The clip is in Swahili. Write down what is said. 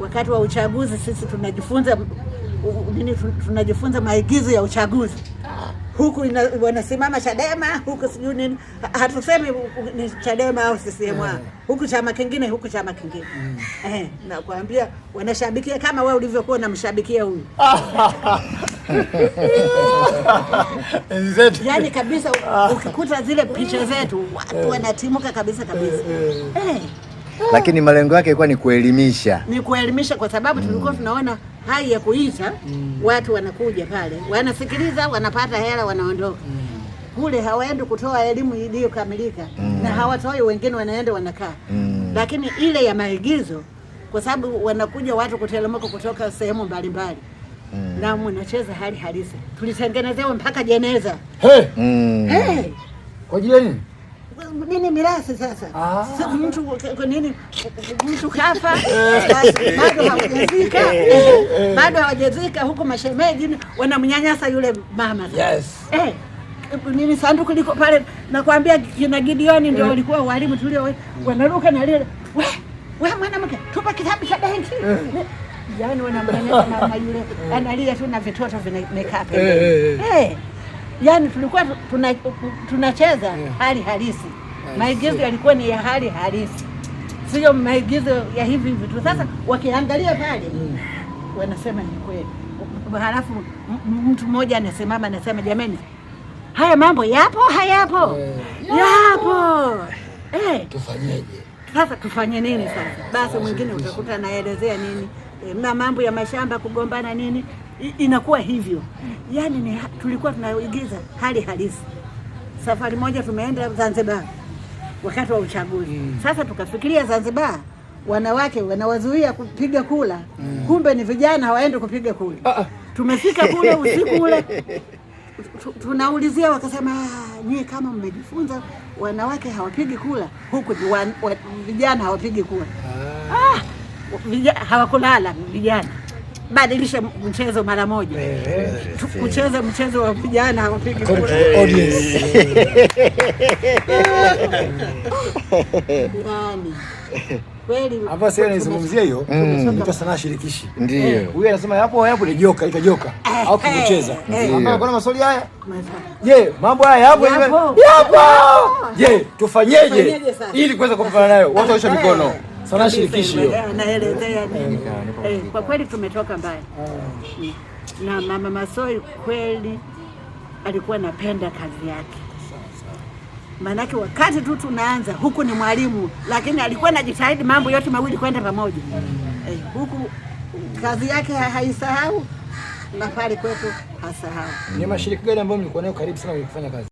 wakati wa uchaguzi sisi tunajifunza nini? Tunajifunza maigizo ya uchaguzi huku ina, wanasimama Chadema huku sijui nini, hatusemi ni Chadema au CCM yeah. Huku chama kingine, huku chama kingine mm. Eh, nakwambia wanashabikia kama wewe ulivyokuwa unamshabikia huyu yani kabisa, ukikuta zile picha zetu watu eh. wanatimuka kabisa kabisa eh. eh. eh. Ah. lakini malengo yake ilikuwa ni kuelimisha, ni kuelimisha kwa sababu tulikuwa mm. tunaona hali ya kuita mm. watu wanakuja pale wanasikiliza, wanapata hela, wanaondoka mm. kule hawaendi kutoa elimu iliyokamilika mm. na hawatoi, wengine wanaenda wanakaa mm. lakini ile ya maigizo, kwa sababu wanakuja watu kuteremka kutoka sehemu mbalimbali mm. na mnacheza hali halisi, tulitengenezewa mpaka jeneza hey. Mm. Hey. kwa ajili ya nini? nini mirasi sasa. Ah. Sasa mtu nini mtu kafa eh. bado hawajazika, eh. Eh. bado hawajazika huko, mashemeji wanamnyanyasa yule mama. Yes. Eh, nini sanduku liko pale, nakwambia kina Gideoni ndio walikuwa walimu tulio wanaruka na lile we we, mwanamke tupa kitabu cha benki yani, wanamnyanyasa mama yule analia tu na vitoto vimekaa pembeni eh yani tulikuwa tuna, tunacheza yeah. hali halisi maigizo yalikuwa ni ya hali halisi, sio maigizo ya hivi hivi tu. Sasa mm. wakiangalia pale mm. wanasema ni kweli, halafu mtu mmoja anasimama anasema, jameni, haya mambo yapo hayapo? yeah. yapo hey. Eh. Tufanyeje sasa? Tufanye nini sasa? Basi mwingine utakuta anaelezea nini, eh, mambo ya mashamba, kugombana nini inakuwa hivyo yani ni, tulikuwa tunaigiza hali halisi. Safari moja tumeenda Zanzibar wakati wa uchaguzi mm. Sasa tukafikiria Zanzibar wanawake wanawazuia kupiga kula mm. Kumbe ni vijana hawaende kupiga kula uh -uh. Tumefika kule usiku ule tunaulizia, wakasema ah, nyie kama mmejifunza wanawake hawapigi kula huku, vijana hawapigi kula ah. Ah, hawakulala vijana badilishe mchezo mara moja, eh, eh, eh, tukucheze mchezo wa vijana wapige yaani. hapa sasa nizungumzia hiyo inaitwa mm. sana shirikishi. Ndio huyu anasema hapo hapo ni joka, ita joka au kucheza. Kuna maswali haya, je, mambo haya hapo hapo, je, tufanyeje ili kuweza kupambana nayo? Watu waosha mikono sana shirikishi hiyo. Naelezea nini? Eh, eh, eh kwa kweli tumetoka mbali eh. na mama Masoi kweli alikuwa anapenda kazi yake, maanake wakati tu tunaanza huku ni mwalimu, lakini alikuwa anajitahidi mambo yote mawili kwenda pamoja mm. eh, huku kazi yake haisahau na pale kwetu hasahau. Ni mashirika gani ambayo mlikuwa nayo karibu sana kufanya kazi?